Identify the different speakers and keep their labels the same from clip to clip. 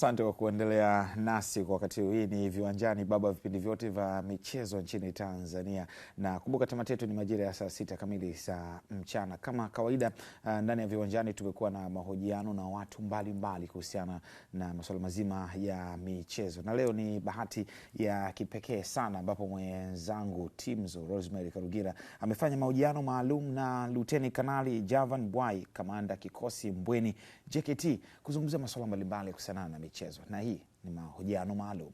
Speaker 1: Asante kwa kuendelea nasi kwa wakati huu. Hii ni Viwanjani, baba wa vipindi vyote vya michezo nchini Tanzania, na kumbuka tamati yetu ni majira ya saa sita kamili za mchana. Kama kawaida, uh, ndani ya Viwanjani tumekuwa na mahojiano na watu mbalimbali kuhusiana na masuala mazima ya michezo, na leo ni bahati ya kipekee sana ambapo mwenzangu Timzo Rosemary Karugira amefanya mahojiano maalum na Luteni Kanali Javan Bwai, kamanda kikosi Mbweni JKT kuzungumzia masuala mbalimbali kuhusiana na michezo, na hii ni mahojiano maalum.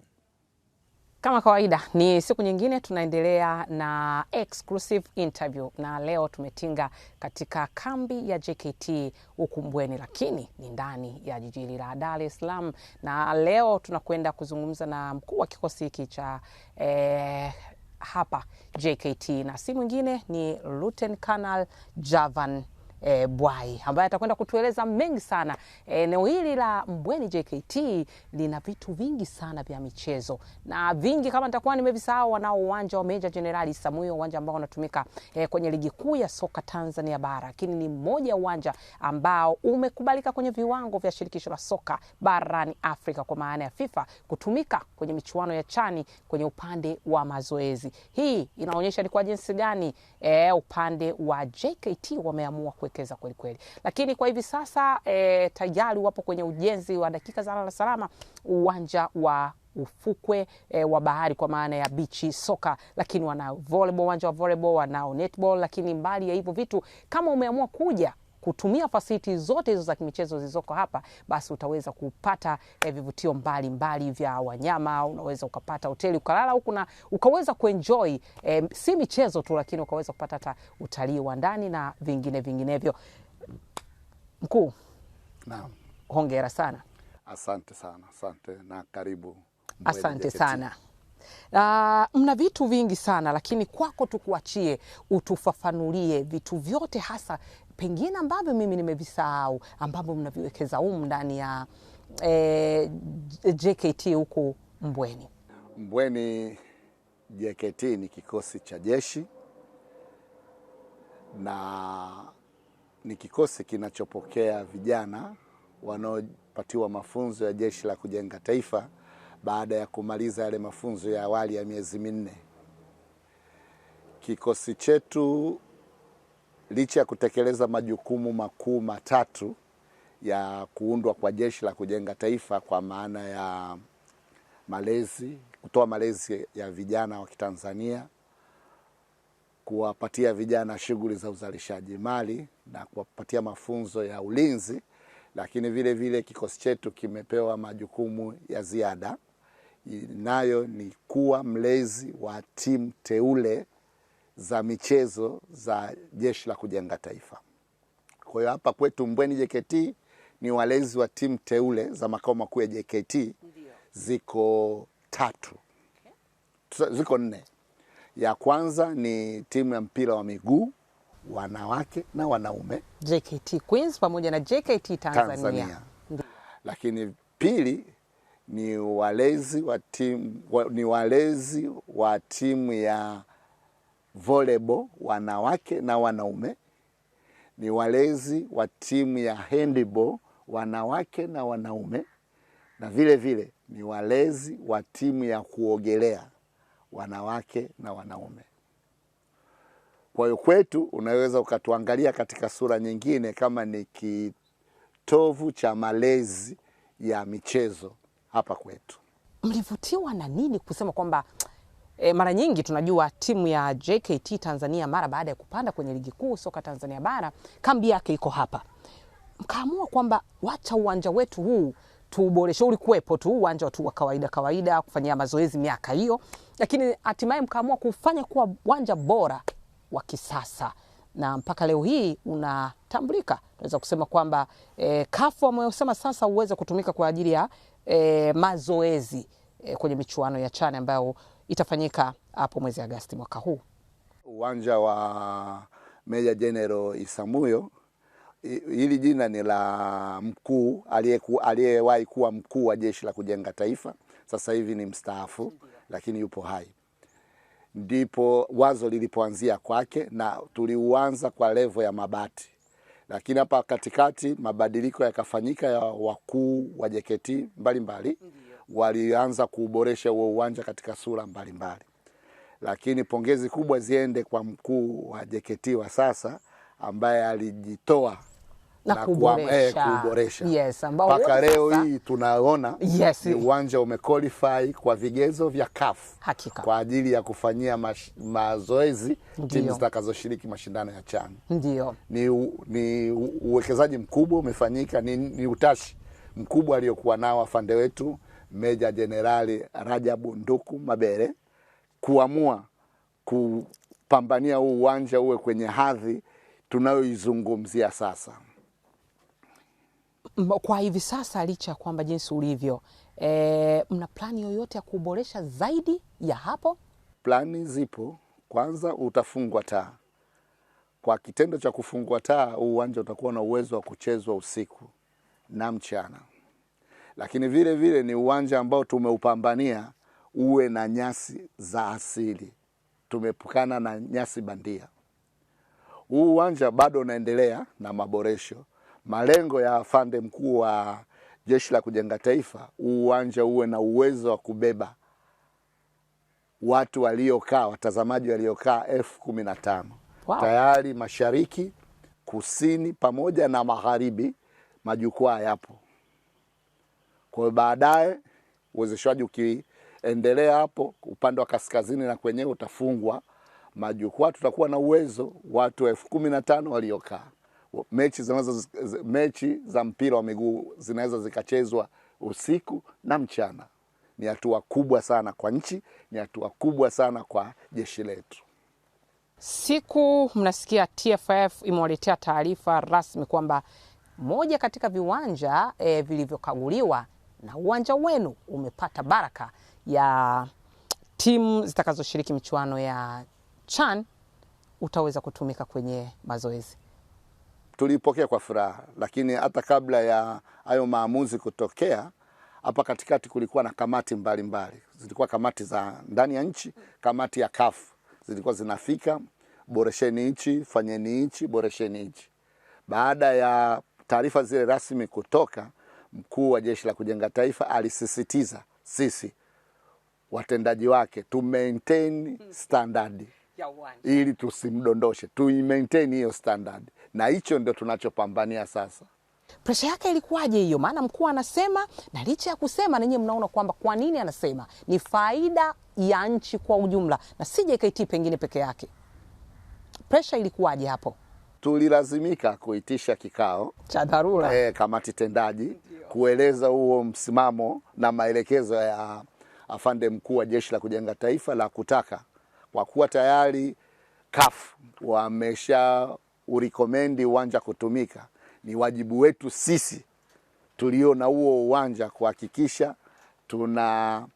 Speaker 2: Kama kawaida ni siku nyingine, tunaendelea na exclusive interview, na leo tumetinga katika kambi ya JKT Ukumbweni, lakini ni ndani ya jiji la Dar es Salaam, na leo tunakwenda kuzungumza na mkuu wa kikosi hiki cha eh, hapa JKT, na si mwingine ni Luteni Kanali Javan e, Bwai ambaye atakwenda kutueleza mengi sana. E, eneo hili la Mbweni JKT lina vitu vingi sana vya michezo na vingi kama nitakuwa nimevisahau. Wanao uwanja wa Meja Jenerali Samuio, uwanja ambao unatumika e, kwenye ligi kuu ya soka Tanzania Bara, lakini ni mmoja uwanja ambao umekubalika kwenye viwango vya shirikisho la soka barani Afrika kwa maana ya FIFA kutumika kwenye michuano ya chani kwenye upande wa mazoezi. Hii inaonyesha ni kwa jinsi gani e, upande wa JKT wameamua kwe wamejitokeza kweli kweli. Lakini kwa hivi sasa e, tayari wapo kwenye ujenzi wa dakika za lala salama uwanja wa ufukwe e, wa bahari kwa maana ya bichi soka, lakini wana volleyball, uwanja wa volleyball, wanao netball. Lakini mbali ya hivyo vitu, kama umeamua kuja kutumia fasiti zote hizo za kimichezo zilizoko hapa, basi utaweza kupata eh, vivutio mbalimbali mbali vya wanyama. Unaweza ukapata hoteli ukalala huku na ukaweza kuenjoy eh, si michezo tu, lakini ukaweza kupata hata utalii wa ndani na vingine vinginevyo. Mkuu, naam, hongera sana.
Speaker 3: Asante sana, asante na karibu.
Speaker 2: Asante sana. Uh, mna vitu vingi sana lakini kwako tukuachie utufafanulie vitu vyote hasa pengine ambavyo mimi nimevisahau ambavyo mnaviwekeza humu ndani ya eh, JKT huku Mbweni.
Speaker 3: Mbweni JKT ni kikosi cha jeshi na ni kikosi kinachopokea vijana wanaopatiwa mafunzo ya jeshi la kujenga taifa baada ya kumaliza yale mafunzo ya awali ya miezi minne. Kikosi chetu licha ya kutekeleza majukumu makuu matatu ya kuundwa kwa Jeshi la Kujenga Taifa kwa maana ya malezi, kutoa malezi ya vijana wa Kitanzania, kuwapatia vijana shughuli za uzalishaji mali na kuwapatia mafunzo ya ulinzi, lakini vile vile kikosi chetu kimepewa majukumu ya ziada nayo ni kuwa mlezi wa timu teule za michezo za Jeshi la Kujenga Taifa. Kwa hiyo hapa kwetu Mbweni JKT ni walezi wa timu teule za makao makuu ya JKT. Ndiyo. Ziko tatu. Okay. Ziko nne. Ya kwanza ni timu ya mpira wa miguu wanawake na wanaume
Speaker 2: JKT Queens pamoja na JKT Tanzania, Tanzania.
Speaker 3: Lakini pili ni walezi wa timu wa, ni walezi wa timu ya volleyball wanawake na wanaume, ni walezi wa timu ya handball wanawake na wanaume, na vile vile ni walezi wa timu ya kuogelea wanawake na wanaume. Kwa hiyo kwetu unaweza ukatuangalia katika sura nyingine kama ni kitovu cha malezi ya michezo hapa kwetu.
Speaker 2: Mlivutiwa na nini kusema kwamba e, mara nyingi tunajua timu ya JKT Tanzania mara baada ya kupanda kwenye ligi kuu soka Tanzania bara kambi yake iko hapa, mkaamua kwamba wacha uwanja wetu huu tuuboreshe. Ulikuwepo tu uwanja tu wa kawaida kawaida kufanyia mazoezi miaka hiyo, lakini hatimaye mkaamua kufanya kuwa uwanja bora wa kisasa na mpaka leo hii unatambulika. Naweza kusema kwamba e, kafu amesema sasa uweze kutumika kwa ajili ya eh, mazoezi eh, kwenye michuano ya chane ambayo itafanyika hapo mwezi Agosti mwaka huu.
Speaker 3: Uwanja wa Meja general Isamuyo, hili jina ni la mkuu aliyewahi kuwa mkuu wa jeshi la kujenga taifa, sasa hivi ni mstaafu, lakini yupo hai. Ndipo wazo lilipoanzia kwake, na tuliuanza kwa levo ya mabati lakini hapa katikati mabadiliko yakafanyika ya wakuu wa JKT mbalimbali walianza kuboresha huo uwanja katika sura mbalimbali mbali. Lakini pongezi kubwa ziende kwa mkuu wa JKT wa sasa ambaye alijitoa
Speaker 2: na, na kuboresha, eh, kuboresha. Yes,
Speaker 3: mpaka leo hii tunaona yes, ni uwanja umequalify kwa vigezo vya CAF hakika, kwa ajili ya kufanyia mazoezi timu zitakazoshiriki mashindano ya CHAN. Ndio ni, ni uwekezaji mkubwa umefanyika, ni, ni utashi mkubwa aliyokuwa nao afande wetu Meja Jenerali Rajabu Nduku Mabere kuamua kupambania huu uwanja uwe kwenye hadhi tunayoizungumzia sasa
Speaker 2: kwa hivi sasa, licha ya kwamba jinsi ulivyo, e, mna plani yoyote ya kuboresha zaidi ya hapo?
Speaker 3: Plani zipo. Kwanza utafungwa taa. Kwa kitendo cha kufungwa taa, huu uwanja utakuwa na uwezo wa kuchezwa usiku na mchana, lakini vile vile ni uwanja ambao tumeupambania uwe na nyasi za asili. Tumepukana na nyasi bandia. Huu uwanja bado unaendelea na maboresho malengo ya afande mkuu wa Jeshi la Kujenga Taifa, uwanja uwe na uwezo wa kubeba watu waliokaa, watazamaji waliokaa elfu kumi na tano. Wow. Tayari mashariki, kusini pamoja na magharibi majukwaa yapo. Kwa hiyo baadaye uwezeshwaji ukiendelea hapo upande wa kaskazini na kwenyewe utafungwa majukwaa, tutakuwa na uwezo watu elfu kumi na tano waliokaa mechi zinaweza mechi za mpira wa miguu zinaweza zikachezwa usiku na mchana. Ni hatua kubwa sana kwa nchi, ni hatua kubwa sana kwa jeshi letu.
Speaker 2: Siku mnasikia TFF imewaletea taarifa rasmi kwamba moja katika viwanja e, vilivyokaguliwa na uwanja wenu umepata baraka ya timu zitakazoshiriki michuano ya CHAN utaweza kutumika kwenye mazoezi
Speaker 3: tuliipokea kwa furaha, lakini hata kabla ya hayo maamuzi kutokea hapa katikati kulikuwa na kamati mbalimbali mbali. Zilikuwa kamati za ndani ya nchi, kamati ya kafu zilikuwa zinafika, boresheni nchi, fanyeni nchi, boresheni nchi. Baada ya taarifa zile rasmi kutoka, mkuu wa Jeshi la Kujenga Taifa alisisitiza sisi watendaji wake tu maintain standard ya uwanja ili tusimdondoshe, tu maintain hiyo standard, na hicho ndio tunachopambania sasa.
Speaker 2: Presha yake ilikuwaje hiyo? Maana mkuu anasema, na licha ya kusema ninyi mnaona kwamba kwa nini anasema ni faida ya nchi kwa ujumla na si JKT pengine peke yake. Presha ilikuwaje hapo?
Speaker 3: Tulilazimika kuitisha kikao
Speaker 2: cha dharura
Speaker 3: eh, kamati tendaji kueleza huo msimamo na maelekezo ya afande mkuu wa Jeshi la Kujenga Taifa la kutaka kwa kuwa tayari CAF wamesha urikomendi uwanja kutumika, ni wajibu wetu sisi tulio na huo uwanja kuhakikisha tuna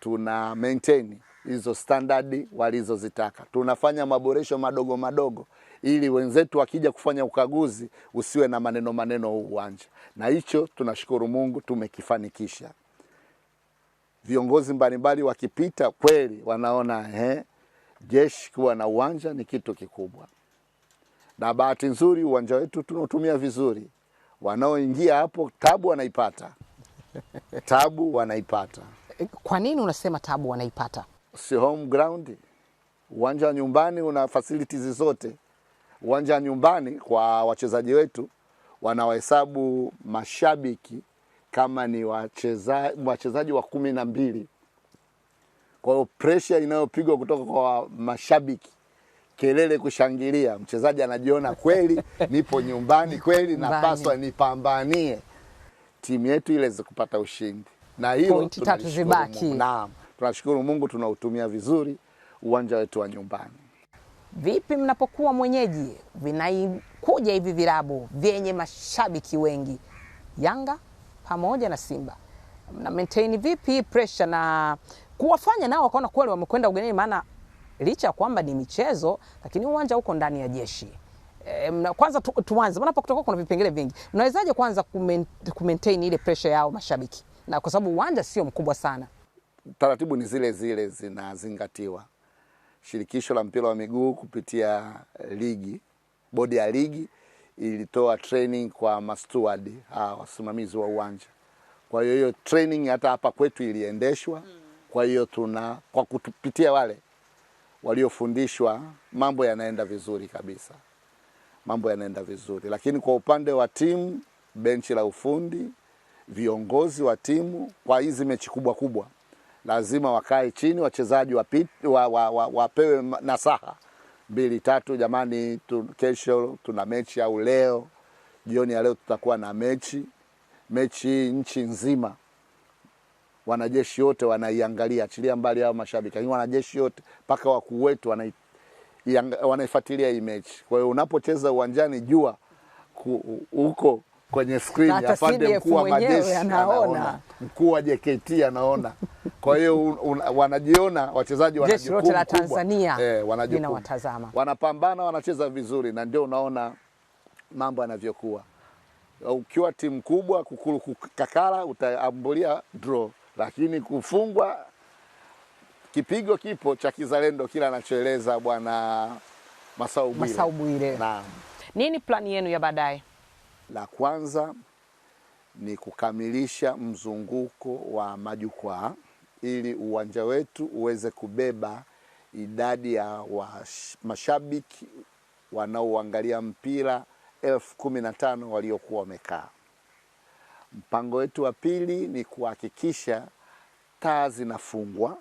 Speaker 3: tuna maintain hizo standard walizozitaka. Tunafanya maboresho madogo madogo ili wenzetu wakija kufanya ukaguzi usiwe na maneno maneno huu uwanja, na hicho tunashukuru Mungu tumekifanikisha. Viongozi mbalimbali wakipita kweli wanaona eh, jeshi kuwa na uwanja ni kitu kikubwa, na bahati nzuri uwanja wetu tunaotumia vizuri, wanaoingia hapo tabu wanaipata, tabu wanaipata.
Speaker 2: E, kwa nini unasema tabu wanaipata?
Speaker 3: Si home ground, uwanja wa nyumbani una facilities zote. Uwanja wa nyumbani kwa wachezaji wetu wanawahesabu mashabiki kama ni wachezaji wa kumi na mbili kwa hiyo pressure inayopigwa kutoka kwa mashabiki, kelele, kushangilia, mchezaji anajiona kweli nipo nyumbani, kweli napaswa nipambanie timu yetu ile kupata ushindi, na hilo naam, tunashukuru Mungu tunautumia vizuri uwanja wetu wa nyumbani.
Speaker 2: Vipi mnapokuwa mwenyeji, vinakuja hivi vilabu vyenye mashabiki wengi, Yanga pamoja na Simba, mna maintain vipi pressure na kuwafanya nao wakaona kweli wamekwenda ugenini, maana licha ya kwamba ni michezo lakini uwanja uko ndani ya jeshi. E, kwanza tu, tuanze maana kutoka kuna vipengele vingi. Mnawezaje kwanza kumaintain ile pressure yao mashabiki, na kwa sababu uwanja sio mkubwa sana?
Speaker 3: Taratibu ni zile zile zinazingatiwa. Shirikisho la mpira wa miguu kupitia eh, ligi, bodi ya ligi ilitoa training kwa mastuard, wasimamizi wa uwanja. Kwa hiyo hiyo training hata hapa kwetu iliendeshwa mm. Kwa hiyo tuna kwa kutupitia wale waliofundishwa, mambo yanaenda vizuri kabisa, mambo yanaenda vizuri. Lakini kwa upande wa timu, benchi la ufundi, viongozi wa timu, kwa hizi mechi kubwa kubwa lazima wakae chini, wachezaji wapewe wa, wa, wa, wa nasaha mbili tatu, jamani tu, kesho tuna mechi au leo jioni ya leo tutakuwa na mechi. Mechi nchi nzima wanajeshi wote wanaiangalia, achilia mbali hao mashabiki, lakini wanajeshi yote mpaka wakuu wetu wanaifuatilia hii mechi. Kwa hiyo unapocheza uwanjani, jua huko kwenye ya
Speaker 2: afande mkuu wa majeshi anaona,
Speaker 3: mkuu wa JKT anaona. Kwa hiyo wanajiona wachezaji wana jukumu
Speaker 2: la Tanzania
Speaker 3: eh, wanapambana, wanacheza vizuri, na ndio unaona mambo yanavyokuwa. Ukiwa timu kubwa kukuru kakala utaambulia draw lakini kufungwa kipigo kipo cha kizalendo, kila anachoeleza Bwana Masau Bwire.
Speaker 2: Nini plani yenu ya baadaye?
Speaker 3: La kwanza ni kukamilisha mzunguko wa majukwaa ili uwanja wetu uweze kubeba idadi ya wa mashabiki wanaoangalia mpira elfu kumi na tano waliokuwa wamekaa. Mpango wetu wa pili ni kuhakikisha taa zinafungwa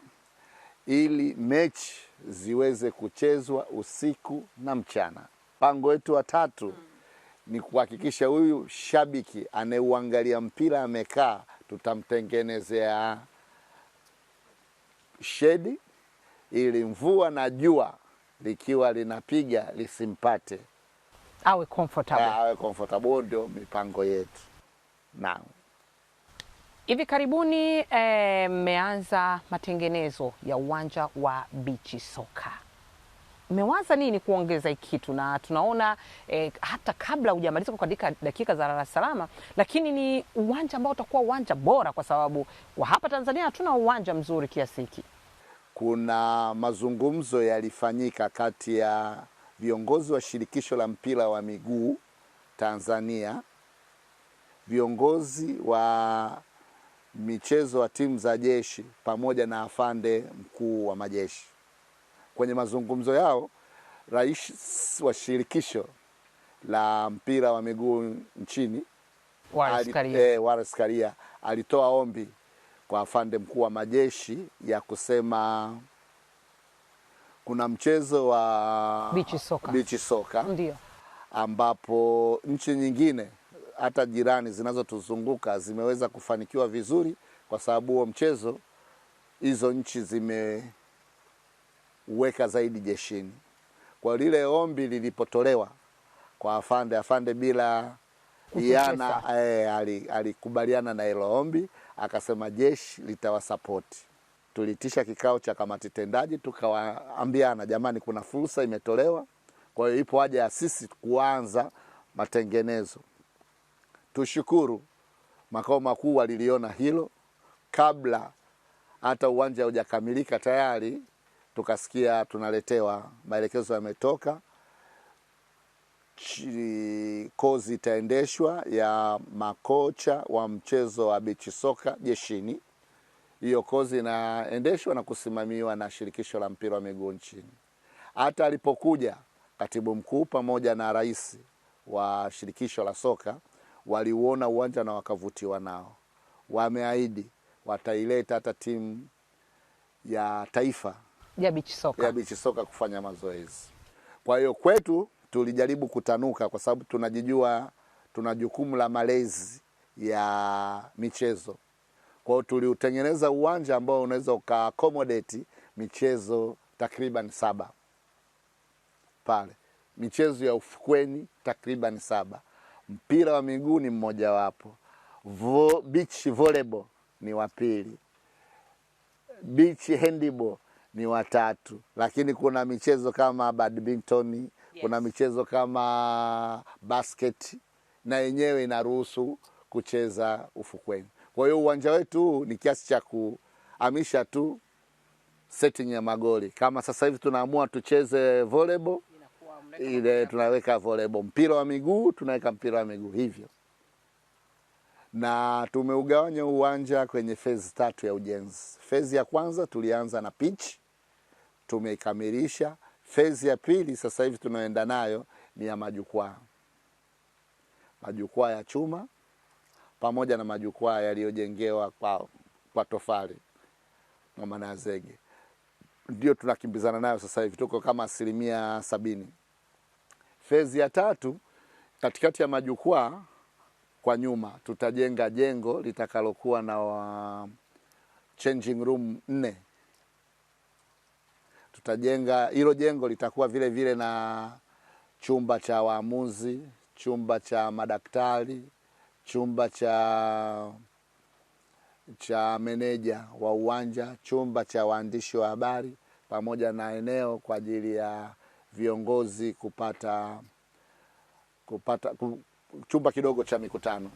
Speaker 3: ili mechi ziweze kuchezwa usiku na mchana. Mpango wetu wa tatu ni kuhakikisha huyu shabiki anayeuangalia mpira amekaa, tutamtengenezea shedi ili mvua na jua likiwa linapiga lisimpate,
Speaker 2: awe comfortable,
Speaker 3: awe comfortable. Ndio mipango yetu. Mau.
Speaker 2: Hivi karibuni eh, mmeanza eh, matengenezo ya uwanja wa bichi soka. Mmewaza nini kuongeza kitu? Na tunaona eh, hata kabla hujamaliza kuandika dakika za lala salama, lakini ni uwanja ambao utakuwa uwanja bora, kwa sababu wa hapa Tanzania hatuna uwanja mzuri kiasi hiki.
Speaker 3: Kuna mazungumzo yalifanyika kati ya viongozi wa shirikisho la mpira wa miguu Tanzania viongozi wa michezo wa timu za jeshi pamoja na afande mkuu wa majeshi. Kwenye mazungumzo yao, rais wa shirikisho la mpira wa miguu nchini
Speaker 2: Wallace
Speaker 3: eh, Karia alitoa ombi kwa afande mkuu wa majeshi ya kusema kuna mchezo wa bichi soka, bichi soka ambapo nchi nyingine hata jirani zinazotuzunguka zimeweza kufanikiwa vizuri, kwa sababu huo mchezo hizo nchi zimeweka zaidi jeshini. Kwa lile ombi lilipotolewa kwa afande afande, bila iana e, eh, alikubaliana na hilo ombi, akasema jeshi litawasapoti. Tuliitisha kikao cha kamati tendaji, tukawaambiana jamani, kuna fursa imetolewa, kwa hiyo ipo haja ya sisi kuanza matengenezo. Tushukuru makao makuu waliliona hilo kabla hata uwanja hujakamilika tayari tukasikia tunaletewa maelekezo yametoka, kozi itaendeshwa ya makocha wa mchezo wa bichi soka jeshini. Hiyo kozi inaendeshwa na kusimamiwa na shirikisho la mpira wa miguu nchini. Hata alipokuja katibu mkuu pamoja na rais wa shirikisho la soka waliuona uwanja na wakavutiwa nao. Wameahidi wataileta hata timu ya taifa
Speaker 2: ya bichi soka,
Speaker 3: ya bichi soka kufanya mazoezi. Kwa hiyo kwetu tulijaribu kutanuka, kwa sababu tunajijua tuna jukumu la malezi ya michezo. Kwa hiyo tuliutengeneza uwanja ambao unaweza ukaakomodeti michezo takriban saba pale, michezo ya ufukweni takriban saba mpira wa miguu ni mmojawapo, beach volleyball ni wa pili, beach handball ni watatu, lakini kuna michezo kama badminton yes. Kuna michezo kama basket na yenyewe inaruhusu kucheza ufukweni. Kwa hiyo uwanja wetu huu ni kiasi cha kuhamisha tu setting ya magoli. Kama sasa hivi tunaamua tucheze volleyball yes ile tunaweka volleyball, mpira wa miguu tunaweka mpira wa miguu hivyo, na tumeugawanya uwanja kwenye fezi tatu ya ujenzi. Fezi ya kwanza tulianza na pitch tumeikamilisha. Fezi ya pili sasa hivi tunaenda nayo ni ya majukwaa, majukwaa ya chuma pamoja na majukwaa yaliyojengewa kwa, kwa tofali na zege, ndio tunakimbizana nayo sasa hivi, tuko kama asilimia sabini. Fezi ya tatu, katikati ya majukwaa kwa nyuma tutajenga jengo litakalokuwa na wa changing room nne. Tutajenga hilo jengo litakuwa vile vile na chumba cha waamuzi, chumba cha madaktari, chumba cha cha meneja wa uwanja, chumba cha waandishi wa habari pamoja na eneo kwa ajili ya viongozi kupata kupata chumba kidogo cha mikutano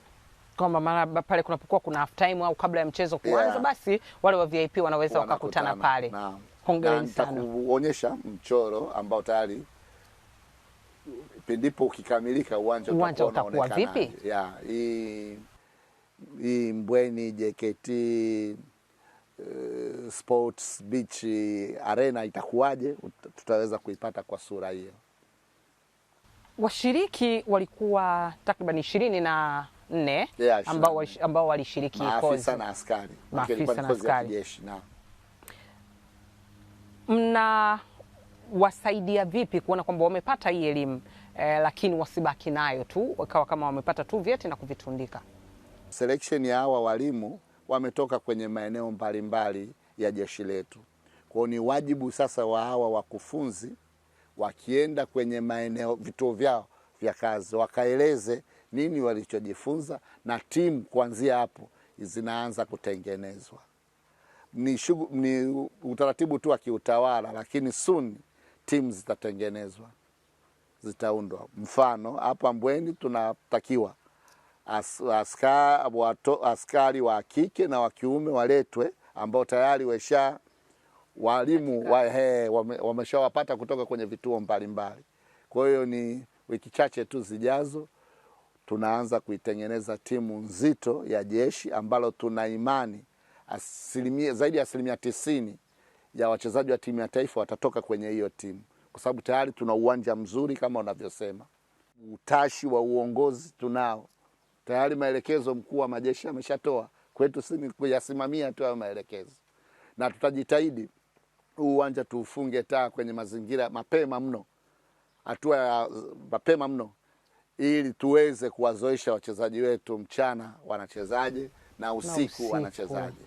Speaker 2: kwamba mara pale kunapokuwa kuna half time au kabla ya mchezo kuanza, yeah. Basi wale wa VIP wanaweza wakakutana pale. hongera sana.
Speaker 3: Nitakuonyesha mchoro ambao tayari pindipo ukikamilika uwanja
Speaker 2: uwanja utakuwa vipi?
Speaker 3: Yeah, hii hii Mbweni JKT Eh, sports beach arena itakuwaje, tutaweza kuipata kwa sura hiyo.
Speaker 2: Washiriki walikuwa takriban ishirini na nne yeah, ambao, ambao walishiriki
Speaker 3: maafisa na askari, maafisa na askari jeshi.
Speaker 2: Na vipi kuona kwamba wamepata hii elimu eh, lakini wasibaki nayo tu wakawa kama wamepata tu vyeti na kuvitundika?
Speaker 3: Selection ya hawa walimu wametoka kwenye maeneo mbalimbali ya jeshi letu. Kwao ni wajibu sasa wa hawa wakufunzi wakienda kwenye maeneo vituo vyao vya kazi wakaeleze nini walichojifunza, na timu kuanzia hapo zinaanza kutengenezwa. Ni, shugu, ni utaratibu tu wa kiutawala, lakini soon timu zitatengenezwa, zitaundwa. Mfano hapa Mbweni tunatakiwa as, askari, wato, askari wa kike na wa kiume waletwe ambao tayari wesha walimu wa, he, wameshawapata kutoka kwenye vituo mbalimbali. Kwa hiyo ni wiki chache tu zijazo tunaanza kuitengeneza timu nzito ya jeshi ambalo tuna imani asilimia zaidi ya asilimia tisini ya wachezaji wa timu ya taifa watatoka kwenye hiyo timu, kwa sababu tayari tuna uwanja mzuri kama unavyosema. Utashi wa uongozi tunao tayari maelekezo mkuu wa majeshi ameshatoa kwetu, si kuyasimamia tu hayo maelekezo, na tutajitahidi huu uwanja tuufunge taa kwenye mazingira mapema mno, hatua ya mapema mno, ili tuweze kuwazoesha wachezaji wetu mchana wanachezaje na usiku, wanachezaji usiku wanachezaje.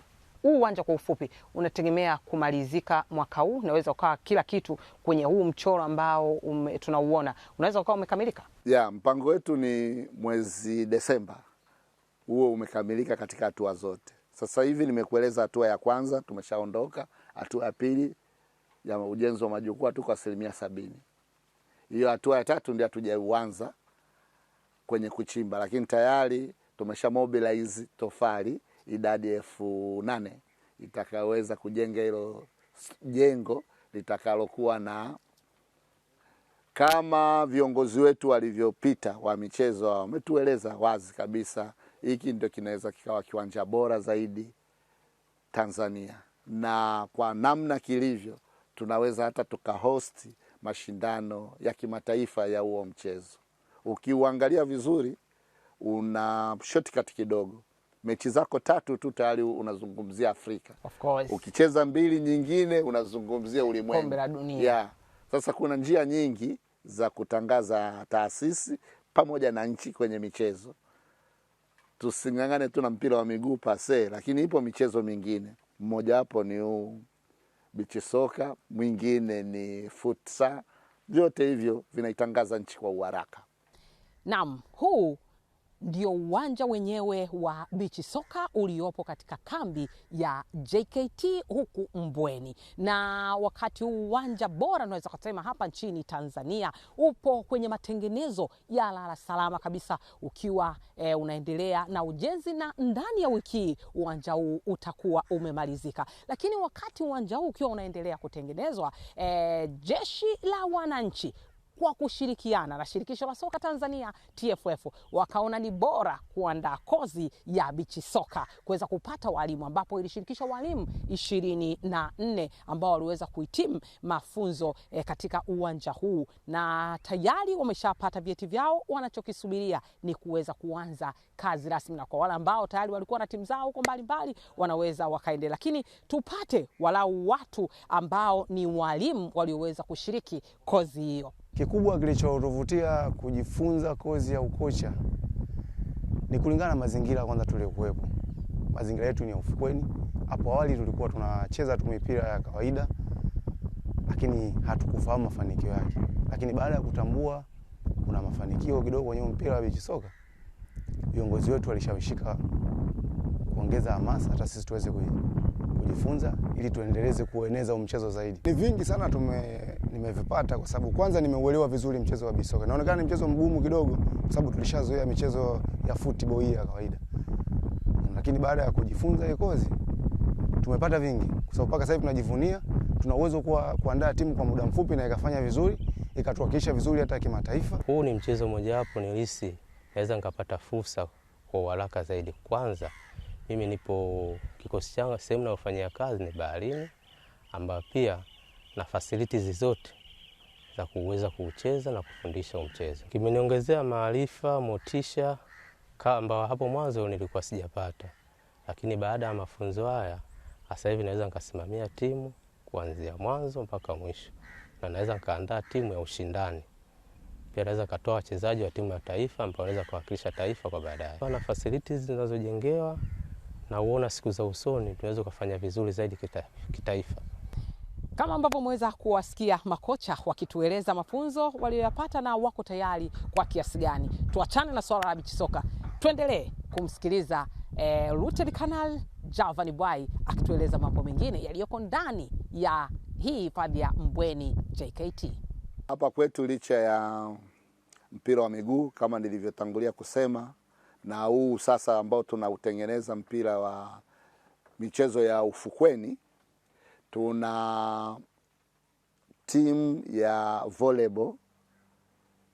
Speaker 2: Huu uwanja kwa ufupi unategemea kumalizika mwaka huu? Unaweza ukawa kila kitu kwenye huu mchoro ambao tunauona, unaweza ukawa umekamilika?
Speaker 3: Ya, mpango wetu ni mwezi Desemba huo umekamilika katika hatua zote. Sasa hivi nimekueleza hatua ya kwanza tumeshaondoka, hatua ya pili ya ujenzi wa majukwaa tuko asilimia sabini. Hiyo hatua ya tatu ndio hatujauanza kwenye kuchimba, lakini tayari tumesha mobilize tofali idadi elfu nane itakaweza kujenga hilo jengo litakalokuwa na kama viongozi wetu walivyopita wa michezo wametueleza wazi kabisa, hiki ndio kinaweza kikawa kiwanja bora zaidi Tanzania, na kwa namna kilivyo tunaweza hata tukahosti mashindano ya kimataifa ya huo mchezo. Ukiuangalia vizuri, una shortcut kidogo, mechi zako tatu tu tayari unazungumzia Afrika. Of course. Ukicheza mbili nyingine unazungumzia ulimwengu. Kombe la dunia. Yeah. Sasa kuna njia nyingi za kutangaza taasisi pamoja na nchi kwenye michezo. Tusing'ang'ane tu na mpira wa miguu pase, lakini ipo michezo mingine, mmojawapo ni huu bichi soka, mwingine ni futsa. Vyote hivyo vinaitangaza nchi kwa uharaka.
Speaker 2: Naam, huu ndio uwanja wenyewe wa bichi soka uliopo katika kambi ya JKT huku Mbweni, na wakati uwanja bora unaweza kusema hapa nchini Tanzania upo kwenye matengenezo ya lala salama kabisa, ukiwa e, unaendelea na ujenzi, na ndani ya wiki hii uwanja huu utakuwa umemalizika. Lakini wakati uwanja huu ukiwa unaendelea kutengenezwa, e, jeshi la wananchi kwa kushirikiana na shirikisho la soka Tanzania TFF wakaona ni bora kuandaa kozi ya bichi soka kuweza kupata walimu, ambapo ilishirikisha walimu ishirini na nne ambao waliweza kuhitimu mafunzo e, katika uwanja huu na tayari wameshapata vyeti vyao. Wanachokisubiria ni kuweza kuanza kazi rasmi, na kwa wale ambao tayari walikuwa na timu zao huko mbalimbali wanaweza wakaendelea, lakini tupate walau watu ambao ni walimu walioweza kushiriki kozi hiyo.
Speaker 4: Kikubwa kilichotuvutia kujifunza kozi ya ukocha ni kulingana na mazingira kwanza tuliokuwepo. Mazingira yetu ni ya ufukweni. Hapo awali tulikuwa tunacheza tu mipira ya kawaida, lakini hatukufahamu mafanikio yake. Lakini baada ya kutambua kuna mafanikio kidogo kwenye mpira wa beach soka, viongozi wetu walishawishika kuongeza hamasa hata sisi tuweze kujifunza ili tuendeleze kueneza mchezo zaidi. Ni vingi sana tume nimevipata kwa sababu kwanza nimeuelewa vizuri mchezo wa bisoka. Naonekana ni mchezo mgumu kidogo kwa sababu tulishazoea michezo ya football hii ya kawaida. Lakini baada ya kujifunza hiyo kozi tumepata vingi kwa sababu paka sasa tunajivunia tuna uwezo kwa kuandaa timu kwa muda mfupi na ikafanya vizuri ikatuwakilisha vizuri hata kimataifa.
Speaker 5: Huu ni mchezo mmoja mojawapo nilihisi naweza nikapata fursa kwa haraka zaidi. Kwanza mimi nipo kikosi changu, sehemu nayofanyia kazi ni baharini, ambayo pia na facilities zote za kuweza kucheza na kufundisha mchezo Kimeniongezea maarifa, motisha ambao hapo mwanzo nilikuwa sijapata, lakini baada ya mafunzo haya sasa hivi naweza nikasimamia timu kuanzia mwanzo mpaka mwisho, na naweza nikaandaa timu ya ushindani pia naweza katoa wachezaji wa timu ya taifa ambao naweza kuwakilisha taifa kwa baadaye. Na facilities zinazojengewa na uona siku za usoni tunaweza kufanya vizuri zaidi kita, kitaifa.
Speaker 2: Kama ambavyo umeweza kuwasikia makocha wakitueleza mafunzo walioyapata na wako tayari kwa kiasi gani. Tuachane na swala la bichi soka, tuendelee kumsikiliza eh, Lieutenant canal javani Bwai akitueleza mambo mengine yaliyoko ndani ya hii hifadhi ya Mbweni JKT.
Speaker 3: Hapa kwetu licha ya mpira wa miguu kama nilivyotangulia kusema na huu sasa ambao tunautengeneza mpira wa michezo ya ufukweni, tuna timu ya volleyball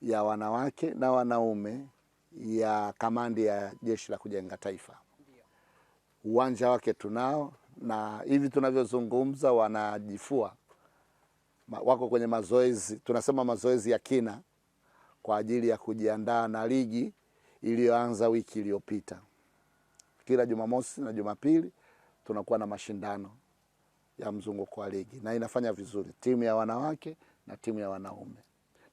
Speaker 3: ya wanawake na wanaume ya kamandi ya Jeshi la Kujenga Taifa. Uwanja wake tunao, na hivi tunavyozungumza wanajifua, wako kwenye mazoezi, tunasema mazoezi ya kina kwa ajili ya kujiandaa na ligi iliyoanza wiki iliyopita. Kila Jumamosi na Jumapili tunakuwa na mashindano ya mzunguko wa ligi na inafanya vizuri timu ya wanawake na timu ya wanaume,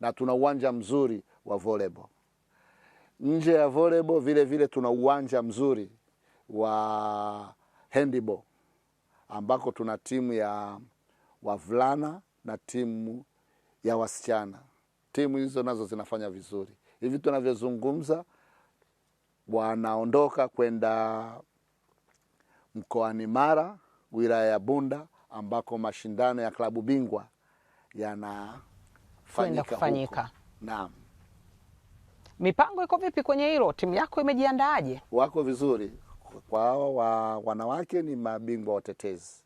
Speaker 3: na tuna uwanja mzuri wa volleyball. Nje ya volleyball vile vile tuna uwanja mzuri wa handball ambako tuna timu ya wavulana na timu ya wasichana. Timu hizo nazo zinafanya vizuri hivi tunavyozungumza wanaondoka kwenda mkoani Mara, wilaya ya Bunda, ambako mashindano ya klabu bingwa yanafanyika kufanyika Naam.
Speaker 2: Mipango iko vipi kwenye hilo? Timu yako imejiandaaje?
Speaker 3: Wako vizuri kwa hao wa, wanawake ni mabingwa watetezi.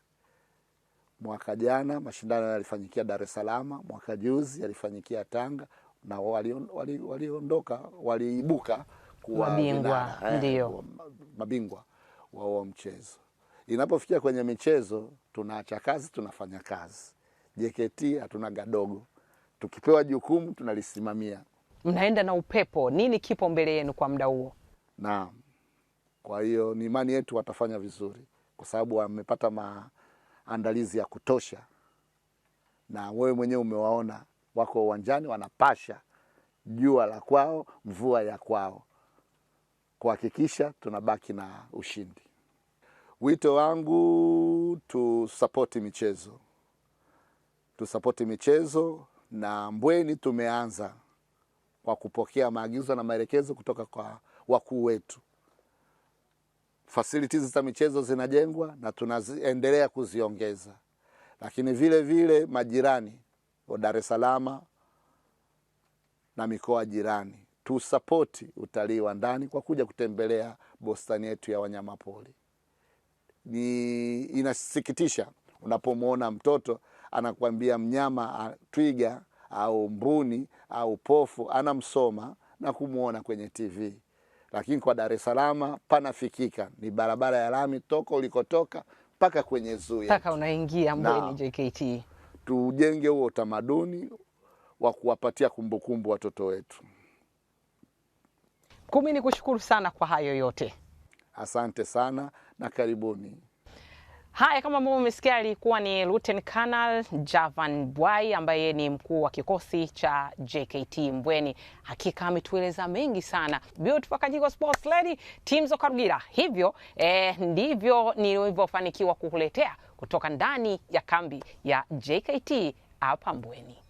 Speaker 3: Mwaka jana mashindano yalifanyikia Dar es Salaam, mwaka juzi yalifanyikia Tanga na waliondoka wali waliibuka
Speaker 2: kuwa mabingwa,
Speaker 3: eh, ndio mabingwa wa huo mchezo. Inapofikia kwenye michezo, tunaacha kazi, tunafanya kazi. JKT hatuna gadogo, tukipewa jukumu tunalisimamia.
Speaker 2: Mnaenda na upepo. Nini kipo mbele yenu kwa muda huo?
Speaker 3: Naam, kwa hiyo ni imani yetu watafanya vizuri, kwa sababu wamepata maandalizi ya kutosha, na wewe mwenyewe umewaona wako uwanjani wanapasha jua la kwao, mvua ya kwao kuhakikisha tunabaki na ushindi. Wito wangu tusapoti michezo, tusapoti michezo, na Mbweni tumeanza kwa kupokea maagizo na maelekezo kutoka kwa wakuu wetu. Facilities za michezo zinajengwa na tunaendelea kuziongeza, lakini vile vile majirani wa Dar es Salaam na mikoa jirani tusapoti utalii wa ndani kwa kuja kutembelea bustani yetu ya wanyamapori. Ni inasikitisha unapomwona mtoto anakuambia mnyama twiga au mbuni au pofu anamsoma na kumwona kwenye TV, lakini kwa Dar es Salaam panafikika, ni barabara ya lami toka ulikotoka mpaka kwenye zoo
Speaker 2: mpaka unaingia Mbweni JKT.
Speaker 3: Tujenge huo utamaduni wa kuwapatia kumbukumbu watoto wetu.
Speaker 2: Kumi, ni kushukuru sana kwa hayo yote,
Speaker 3: asante sana na karibuni.
Speaker 2: Haya, kama ambavyo umesikia, alikuwa ni luten Colonel Javan Bwai ambaye ni mkuu wa kikosi cha JKT Mbweni. Hakika ametueleza mengi sana. Beautiful Kanyigo Sports Lady, Timzo Karugira. Hivyo eh, ndivyo nilivyofanikiwa kukuletea kutoka ndani ya kambi ya JKT hapa Mbweni.